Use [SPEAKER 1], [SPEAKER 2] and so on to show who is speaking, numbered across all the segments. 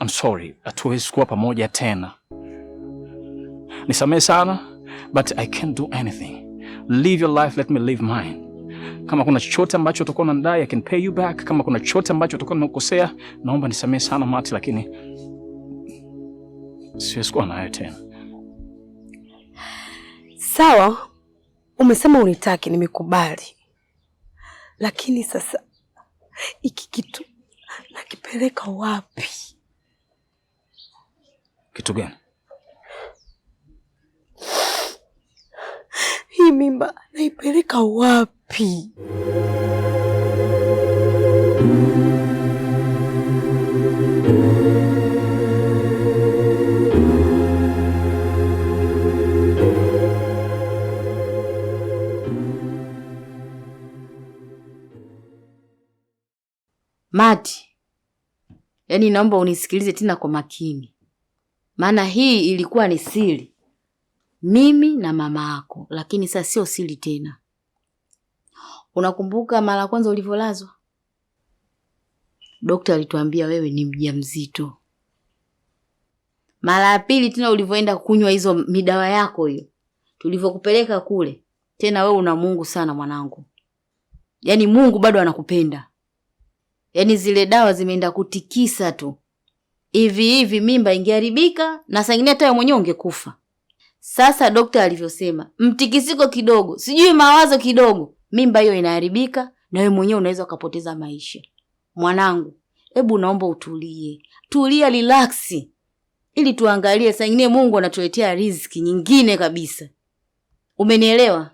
[SPEAKER 1] I'm sorry, hatuwezi kuwa pamoja tena. Nisamehe sana but I can't do anything. Live your life, let me live mine. Kama kuna chochote ambacho utakuwa unanidai, I can pay you back. Kama kuna chochote ambacho utakuwa nimekukosea, naomba nisamehe sana Mati, lakini siwezi kuwa nayo tena.
[SPEAKER 2] Sawa, umesema unitaki, nimekubali, lakini sasa iki kitu nakipeleka wapi? Kitu gani? Hii mimba naipeleka wapi?
[SPEAKER 3] Mati, yaani naomba unisikilize tena kwa makini maana hii ilikuwa ni siri mimi na mama yako, lakini sasa sio siri tena. Unakumbuka mara ya kwanza ulivyolazwa, dokta alituambia wewe ni mjamzito. Mara ya pili tena ulivyoenda kunywa hizo midawa yako hiyo, tulivyokupeleka kule tena, wewe una Mungu sana mwanangu, yaani Mungu bado anakupenda, yaani zile dawa zimeenda kutikisa tu hivi hivi mimba ingeharibika na sangine hata wewe mwenyewe ungekufa. Sasa dokta alivyosema, mtikisiko kidogo, sijui mawazo kidogo, mimba hiyo inaharibika na wewe mwenyewe unaweza ukapoteza maisha. Mwanangu, hebu naomba utulie, tulia, relax ili tuangalie, saa Mungu anatuletea riziki nyingine kabisa. Umenielewa?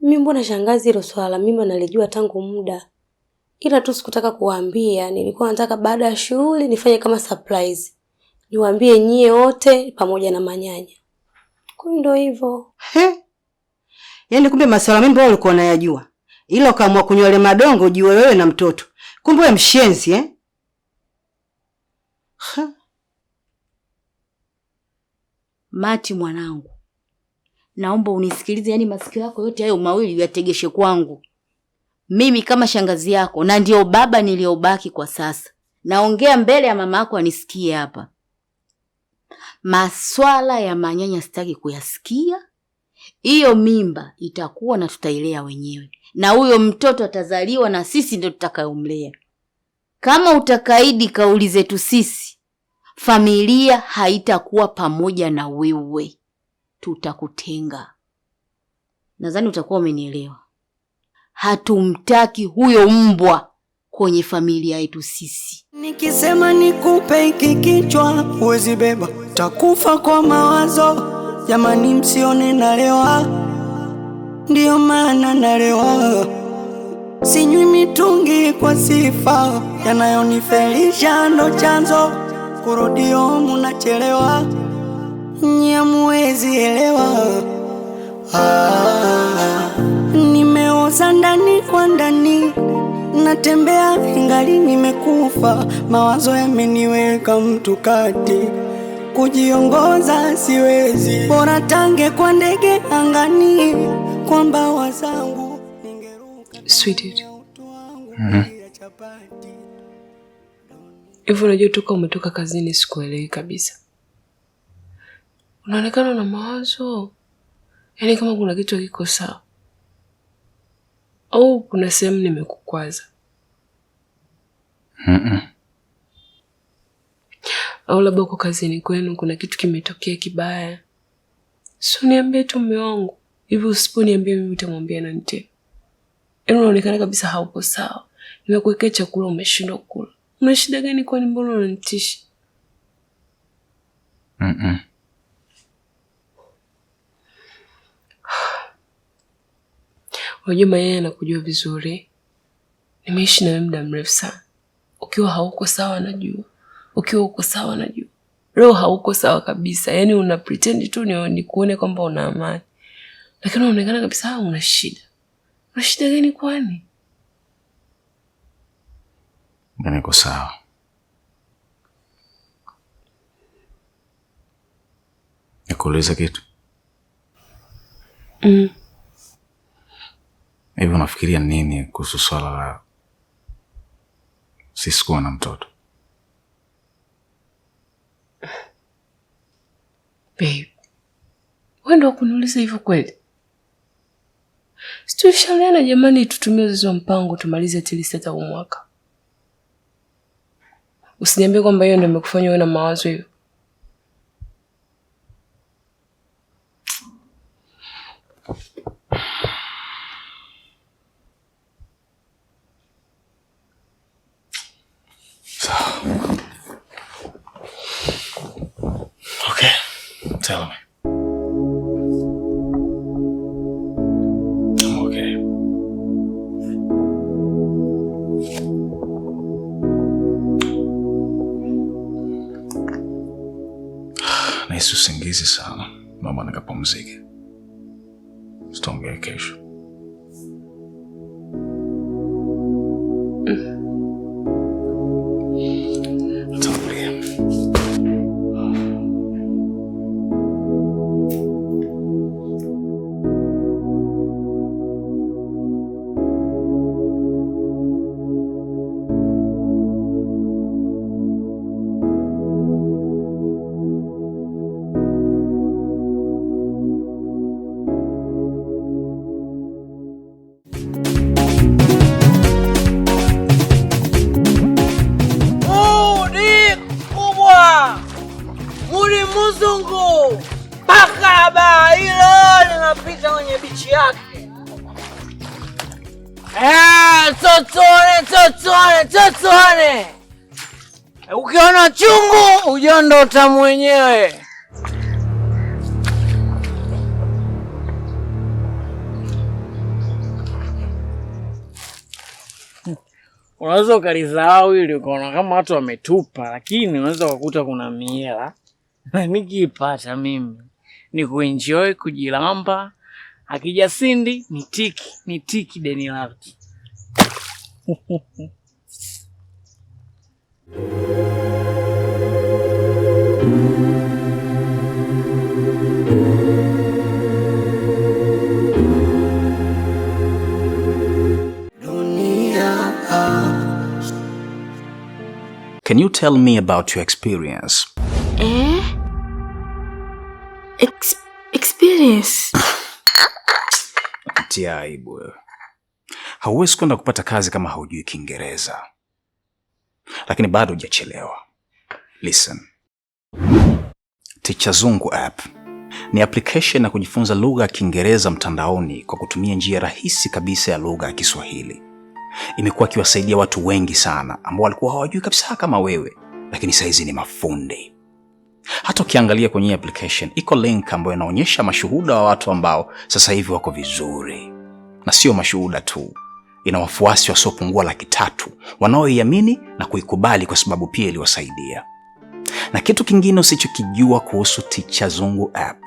[SPEAKER 2] Mimi mbona shangazi, hilo swala mimi nalijua tangu muda ila tu sikutaka kuwaambia. Nilikuwa nataka baada ya shughuli nifanye kama surprise, niwaambie nyie wote pamoja na manyanya. Kwa hiyo ndio hivyo.
[SPEAKER 3] Yaani kumbe masuala mimi wao ulikuwa unayajua, ila ukaamua kunywele madongo jiwe wewe na mtoto. Kumbe wewe mshenzi eh? Ha. Mati mwanangu, naomba unisikilize, yaani masikio yako yote hayo mawili yategeshe kwangu mimi kama shangazi yako na ndiyo baba niliyobaki kwa sasa, naongea mbele ya mama yako anisikie hapa. Maswala ya manyanya sitaki kuyasikia. Hiyo mimba itakuwa na tutailea wenyewe, na huyo mtoto atazaliwa na sisi ndio tutakayomlea. Kama utakaidi kauli zetu sisi, familia haitakuwa pamoja na wewe, tutakutenga. Nadhani utakuwa umenielewa hatumtaki huyo mbwa kwenye familia yetu sisi. Nikisema nikupe hiki kichwa huwezi beba, takufa kwa mawazo. Jamani, msione nalewa, ndiyo maana nalewa, sinywi mitungi kwa sifa. Yanayonifelisha ndo chanzo, kurudio munachelewa, nyamwezi
[SPEAKER 2] elewa ah, za ndani kwa ndani, natembea ingali nimekufa, mawazo yameniweka mtu kati, kujiongoza siwezi, bora tange kwa ndege angani, kwa mbawa zangu ningeruka. Mhm. hivyo unajua, toka umetoka kazini sikuelewi kabisa, unaonekana na mawazo yaani kama kuna kitu kiko sawa au kuna sehemu nimekukwaza? mm -mm. Au labda uko kazini kwenu kuna kitu kimetokea kibaya? si niambie tu mume wangu. Hivi usiponiambia mimi utamwambia nani tena? Yaani unaonekana kabisa hauko sawa. Nimekuwekea chakula umeshindwa kula. Una shida gani kwani? Mbona unanitisha? mm -mm. Wajuma, yeye anakujua vizuri, nimeishi na wewe muda mrefu sana. Ukiwa hauko sawa najua, ukiwa uko sawa najua. Leo hauko sawa kabisa, yaani una pretend tu nikuone kwamba una amani, lakini unaonekana kabisa ah, una shida. Una shida gani kwani?
[SPEAKER 1] Niko sawa. Nikuuliza kitu mm unafikiria nini kuhusu swala la sisi kuwa na mtoto?
[SPEAKER 2] Babe, wewe ndio kuniuliza hivyo kweli? Situshauriana jamani, tutumie uzazi wa mpango tumalize at least hata huu mwaka. Usiniambie kwamba hiyo ndo imekufanya uwe na mawazo hiyo.
[SPEAKER 1] tell me. I'm okay. Nahisi usingizi sana. Naomba nikapumzike. Sitaongea kesho.
[SPEAKER 4] ujondo utamu wenyewe. Unaweza ukalisahau ili ukaona kama watu wametupa, lakini unaweza ukakuta kuna miela na nikiipata mimi ni kuenjoy kujilamba, akijasindi ni tiki ni tiki deni lake
[SPEAKER 1] Can you tell me about your experience?
[SPEAKER 2] Eh? Ex experience?
[SPEAKER 1] Tia aibu Hauwezi kwenda kupata kazi kama haujui Kiingereza, lakini bado hujachelewa. Listen. Ticha Zungu app ni application ya kujifunza lugha ya Kiingereza mtandaoni kwa kutumia njia rahisi kabisa ya lugha ya Kiswahili imekuwa ikiwasaidia watu wengi sana ambao walikuwa hawajui kabisa kama wewe, lakini sahizi ni mafundi. Hata ukiangalia kwenye hii application iko link ambayo inaonyesha mashuhuda wa watu ambao sasa hivi wako vizuri, na sio mashuhuda tu, ina wafuasi wasiopungua laki tatu wanaoiamini na kuikubali kwa sababu pia iliwasaidia. Na kitu kingine usichokijua kuhusu Ticha Zungu app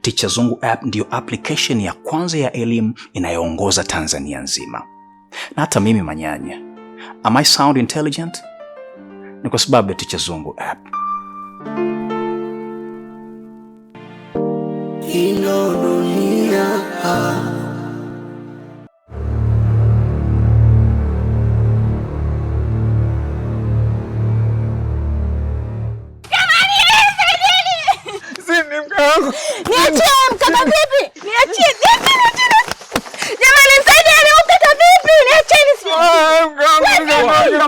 [SPEAKER 1] Ticha Zungu app ndiyo application ya kwanza ya elimu inayoongoza Tanzania nzima na hata mimi manyanya. Am I sound intelligent? Ni kwa sababu ya Ticha Zungu app.
[SPEAKER 5] Niachie mkaka vipi? Niachie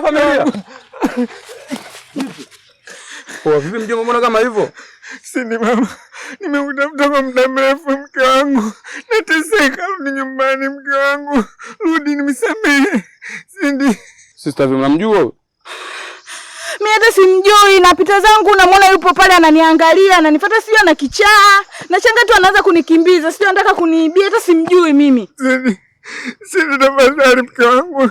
[SPEAKER 6] na familia. Kwa vipi mjomba, mbona kama hivyo? Si ni mama. Nimekutafuta kwa muda mrefu mke wangu. Nateseka, rudi nyumbani mke wangu. Rudi nimesamehe. Sindi. Sister vipi mnamjua wewe?
[SPEAKER 5] Mimi hata simjui, napita zangu namwona yupo pale ananiangalia, ananifuata sio na kichaa. Na changa tu anaanza kunikimbiza, sio anataka kuniibia, hata simjui mimi.
[SPEAKER 6] Sindi. Tafadhali mke wangu,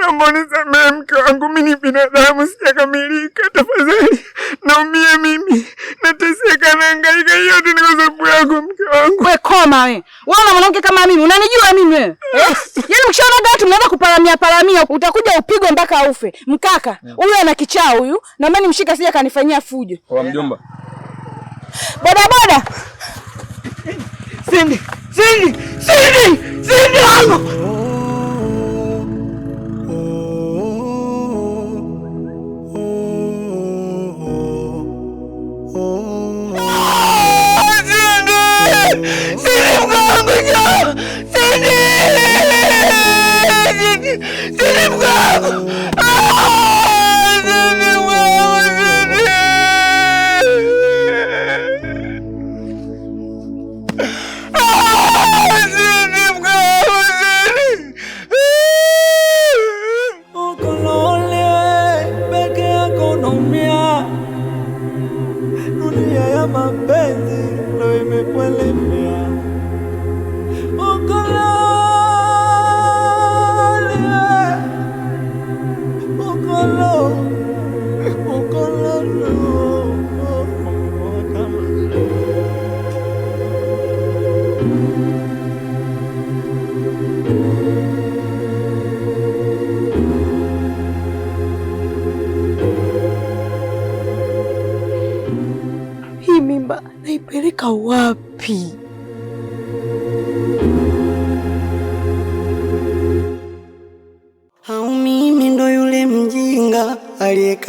[SPEAKER 6] naomba unisamehe mke wangu, mi ni binadamu, sijakamilika. Tafadhali naumia mimi, nateseka, naangaika, yote ni kwa sababu yako mke wangu.
[SPEAKER 5] We koma we, wana mwanamke kama mimi, unanijua mimi wewe? Eh, yaani mkishaona watu mnaanza kuparamia paramia, utakuja upigwe mpaka ufe. Mkaka mm. huyu ana kichaa huyu, naomba mshika sija kanifanyia fujo. Kwa mjomba bodaboda
[SPEAKER 6] Sindi Sindi, Sindi, Sindi wangu. Sindi mkangu.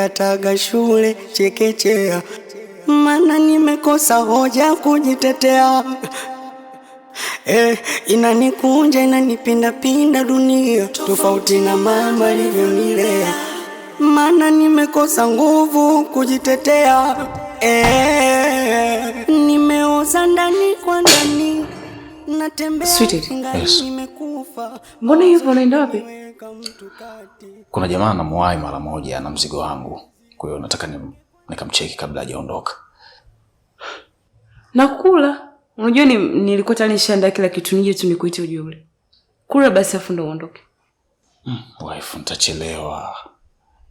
[SPEAKER 7] nimekataga shule chekechea, mana nimekosa hoja kujitetea. Eh, inanikunja inanipindapinda dunia, tofauti na mama alivyonilea, mana nimekosa nguvu kujitetea. Eh, nimeoza ndani kwa ndani,
[SPEAKER 2] natembea yes. Mbona hivyo unaenda wapi?
[SPEAKER 1] Kuna jamaa namuwahi mara moja na mzigo wangu, kwa hiyo nataka nikamcheki kabla hajaondoka.
[SPEAKER 2] Na kula, unajua ni, nilikuwa tayari nishaandaa kila kitu, nije tu nikuite ujue ule. Kula basi afu ndo uondoke.
[SPEAKER 1] Mm, wife nitachelewa.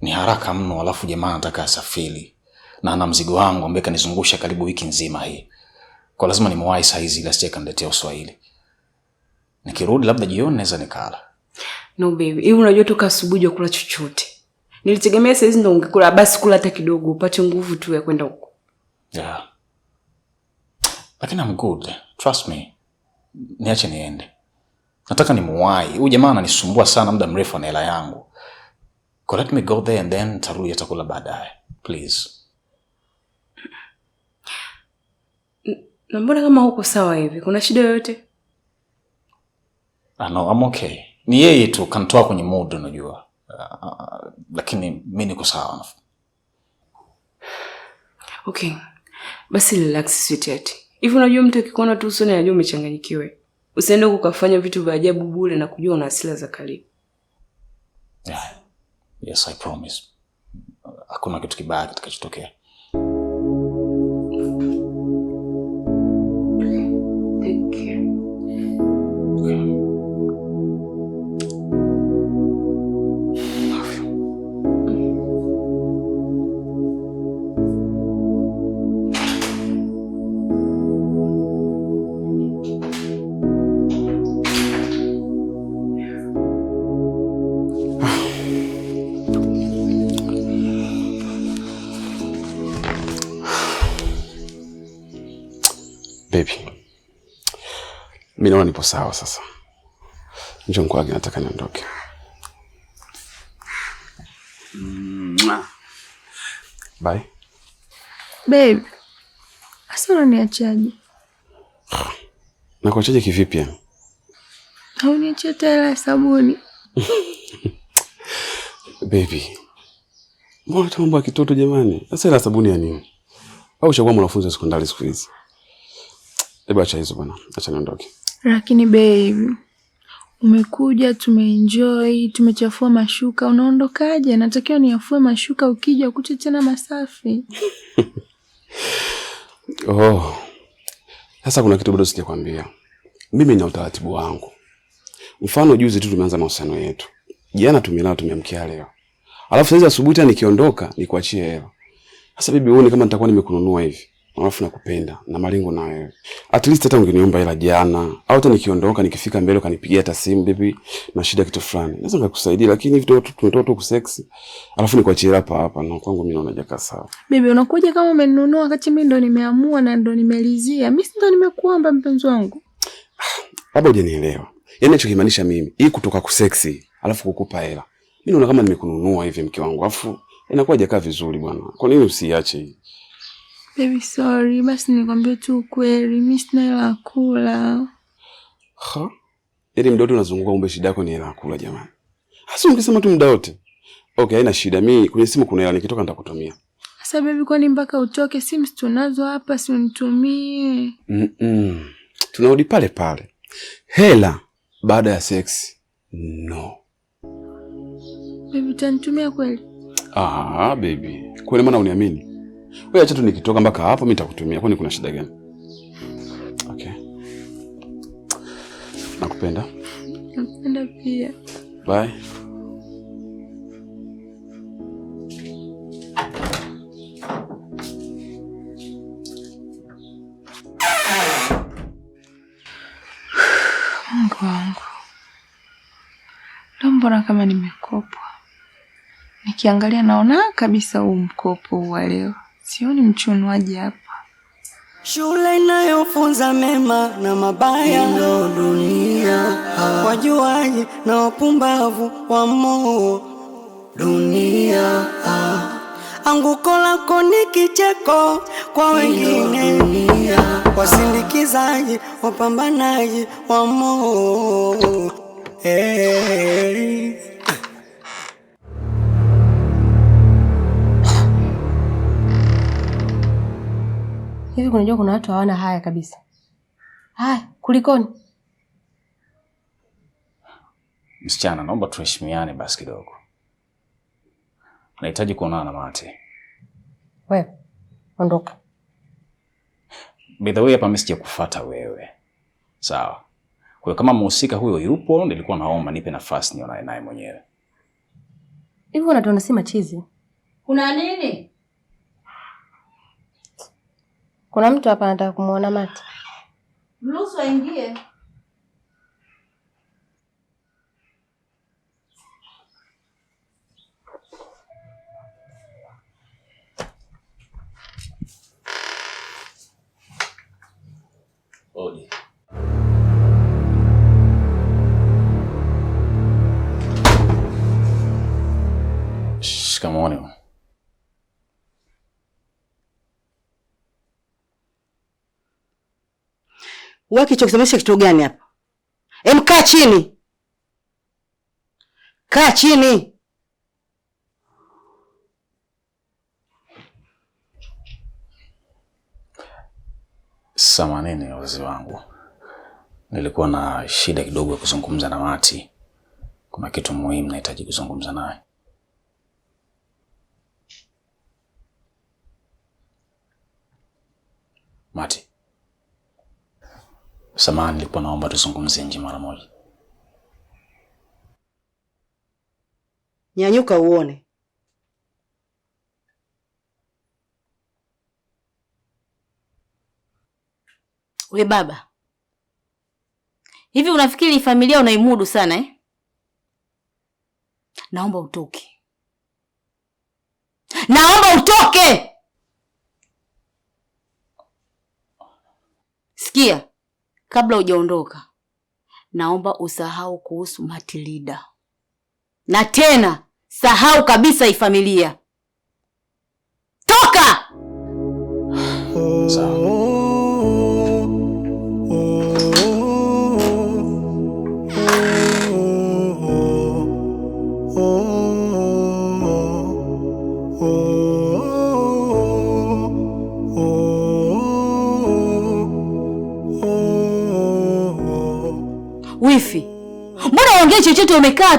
[SPEAKER 1] Ni haraka mno, alafu jamaa anataka asafiri na ana mzigo wangu ambaye kanizungusha karibu wiki nzima hii. Kwa lazima nimewahi saa hizi, ila sije kaniletea uswahili. Nikirudi labda jioni naweza nikala.
[SPEAKER 2] No baby, hivi unajua toka asubuhi hukula chochote. Nilitegemea saizi ndo ungekula, basi kula hata kidogo upate nguvu tu ya kwenda huko.
[SPEAKER 1] Yeah. Lakini I'm good. Trust me. Niache niende. Nataka nimuwahi. Huyu jamaa ananisumbua sana muda mrefu na hela yangu. Go let me go there and then tarudi atakula baadaye. Please.
[SPEAKER 2] Na mbona kama huko sawa hivi? Kuna shida yoyote? I
[SPEAKER 1] ah, know, I'm okay ni yeye tu kanitoa kwenye mood, unajua uh, lakini mi niko sawa.
[SPEAKER 2] Okay, basi relax sweetheart. Hivi unajua mtu akikuona tu usoni anajua umechanganyikiwe. Usiende kukafanya vitu vya ajabu bure na kujua una asila za kali.
[SPEAKER 1] Yeah. Yes, I promise. Hakuna kitu kibaya kitakachotokea. naona nipo sawa sasa. Njoo kwake, nataka niondoke. Bye.
[SPEAKER 2] Babe. Asa unaniachaje?
[SPEAKER 1] Na kivipi yani?
[SPEAKER 2] Hauniachia tela ya sabuni.
[SPEAKER 1] Baby. Mbona mambo ya kitoto jamani? Sasa ila sabuni ya nini? Au ushakuwa mwanafunzi wa sekondari siku hizi? Hebu acha hizo bwana. Acha niondoke.
[SPEAKER 2] Lakini babe, umekuja tumeenjoy, tumechafua mashuka, unaondokaje? Natakiwa niafue mashuka, ukija ukute tena masafi.
[SPEAKER 1] Oh, sasa kuna kitu bado sijakwambia. Mimi na utaratibu wangu. Mfano juzi tu tumeanza mahusiano yetu, jana tumelala, tumeamkia leo, alafu saizi asubuhi tena nikiondoka nikuachie hela. Sasa bibi, uone kama nitakuwa nimekununua hivi alafu nakupenda na malengo na wewe. At least hata ungeniomba hela jana au hata nikiondoka nikifika mbele ukanipigia hata simu, bibi na shida kitu fulani, naweza nikakusaidia, lakini hivi tu tunatoa tu kusex alafu nikuachie hapa hapa, na kwangu mimi naona jaka sawa.
[SPEAKER 2] Bibi unakuja kama umenunua, wakati mimi ndo nimeamua na ndo nimelizia, mimi si ndo nimekuomba mpenzi wangu.
[SPEAKER 1] Labda hujanielewa, yaani hicho kimaanisha mimi hii kutoka kuseksi alafu kukupa hela, mimi naona kama nimekununua hivi mke wangu, alafu inakuwa jakaa vizuri bwana, kwa nini usiiache hii
[SPEAKER 2] Baby sorry, basi nikwambie tu ukweli, mimi sina hela ya kula.
[SPEAKER 1] Ha? Yaani mdoto unazunguka, kumbe shida yako ni hela ya kula jamani. Hasa ungesema tu muda wote. Okay, haina shida. Mimi kwenye simu kuna hela, nikitoka nitakutumia.
[SPEAKER 2] Sasa baby, kwani mpaka utoke? Simu tunazo hapa, si unitumie.
[SPEAKER 1] Mm -mm. Tunarudi pale pale. Hela baada ya sex. No.
[SPEAKER 2] Baby, utanitumia kweli?
[SPEAKER 1] Ah, baby. Kwani maana uniamini? Wewe acha tu nikitoka mpaka hapo mimi nitakutumia. Kwani kuna shida gani? Okay. Nakupenda.
[SPEAKER 2] Nakupenda pia. Bye. wangu. Leo mbona kama nimekopwa? Nikiangalia naona kabisa huu mkopo wa leo Sioni mchunuaji hapa. Shule inayofunza mema na mabaya ndio dunia, wajuaji na wapumbavu wa moo dunia. Anguko lako ni kicheko kwa wengine, wasindikizaji wapambanaji wamo hey. Hivi kunajua kuna watu hawana haya kabisa. Haya, kulikoni?
[SPEAKER 1] Msichana, naomba tuheshimiane basi kidogo. Nahitaji kuonana na Mate.
[SPEAKER 2] Wewe ondoka.
[SPEAKER 1] By the way, hapa mimi kufuata wewe, sawa? Kwa hiyo kama mhusika huyo yupo, nilikuwa naomba nipe nafasi nionane naye mwenyewe.
[SPEAKER 2] Hivi unatuona si machizi? Kuna nini? Kuna mtu hapa anataka kumuona Mati. Mruhusu aingie.
[SPEAKER 1] Odi. Shikamoo.
[SPEAKER 2] Wewe kichokisemesha kitu gani hapa? Em, kaa chini, kaa chini.
[SPEAKER 1] Samanini wazee wangu, nilikuwa na shida kidogo ya kuzungumza na Mati. Kuna kitu muhimu nahitaji kuzungumza naye. Mati Samahani, nilikuwa naomba tuzungumze nje mara moja.
[SPEAKER 2] Nyanyuka uone.
[SPEAKER 3] We baba, hivi unafikiri familia unaimudu sana eh? Naomba utoke, naomba utoke. Sikia, Kabla hujaondoka, naomba usahau kuhusu Matilida, na tena sahau kabisa hii familia. Toka!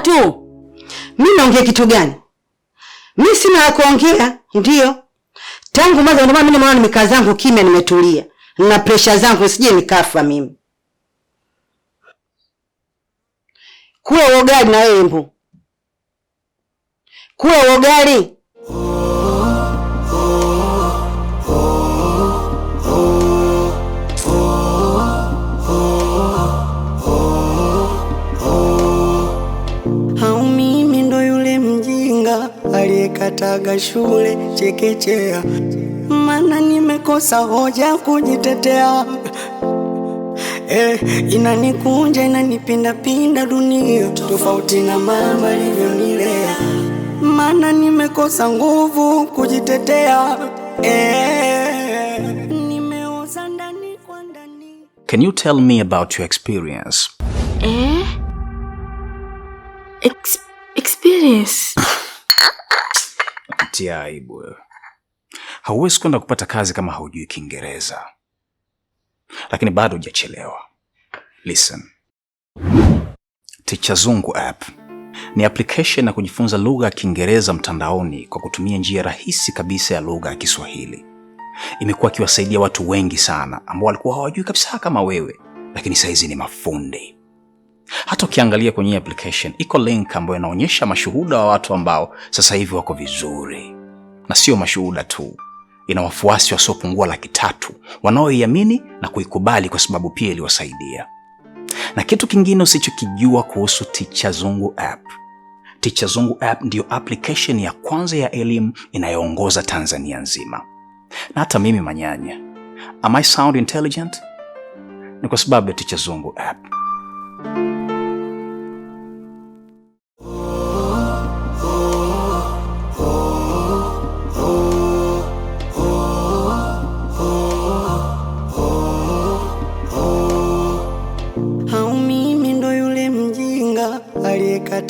[SPEAKER 3] kukaa tu. Mimi naongea kitu gani? Mimi sina la kuongea, ndio. Tangu mwanzo ndio maana mimi mwanao nimekaa zangu kimya nimetulia. Na pressure zangu sije nikafa mimi. Kuwa ugali na wewe mbu. ugali. shule chekechea, mana
[SPEAKER 1] nimekosa hoja kujitetea. Eh, inanikunja inanipindapinda dunia, tofauti na mama alivyonilea, mana nimekosa nguvu kujitetea. Eh, nimeoza ndani kwa ndani. Can you tell me about your experience?
[SPEAKER 2] Eh? Ex experience
[SPEAKER 1] Unatia aibu wewe. Hauwezi kwenda kupata kazi kama haujui Kiingereza, lakini bado hujachelewa. Listen, Ticha Zungu app ni application ya kujifunza lugha ya Kiingereza mtandaoni kwa kutumia njia rahisi kabisa ya lugha ya Kiswahili. Imekuwa ikiwasaidia watu wengi sana ambao walikuwa hawajui kabisa kama wewe, lakini saizi ni mafundi. Hata ukiangalia kwenye application iko link ambayo inaonyesha mashuhuda wa watu ambao sasa hivi wako vizuri, na sio mashuhuda tu, ina wafuasi wasiopungua laki tatu wanaoiamini na kuikubali kwa sababu pia iliwasaidia. Na kitu kingine usichokijua kuhusu Ticha Zungu app, Ticha Zungu app ndiyo application ya kwanza ya elimu inayoongoza Tanzania nzima. Na hata mimi manyanya, am I sound intelligent? Ni kwa sababu ya Ticha Zungu app.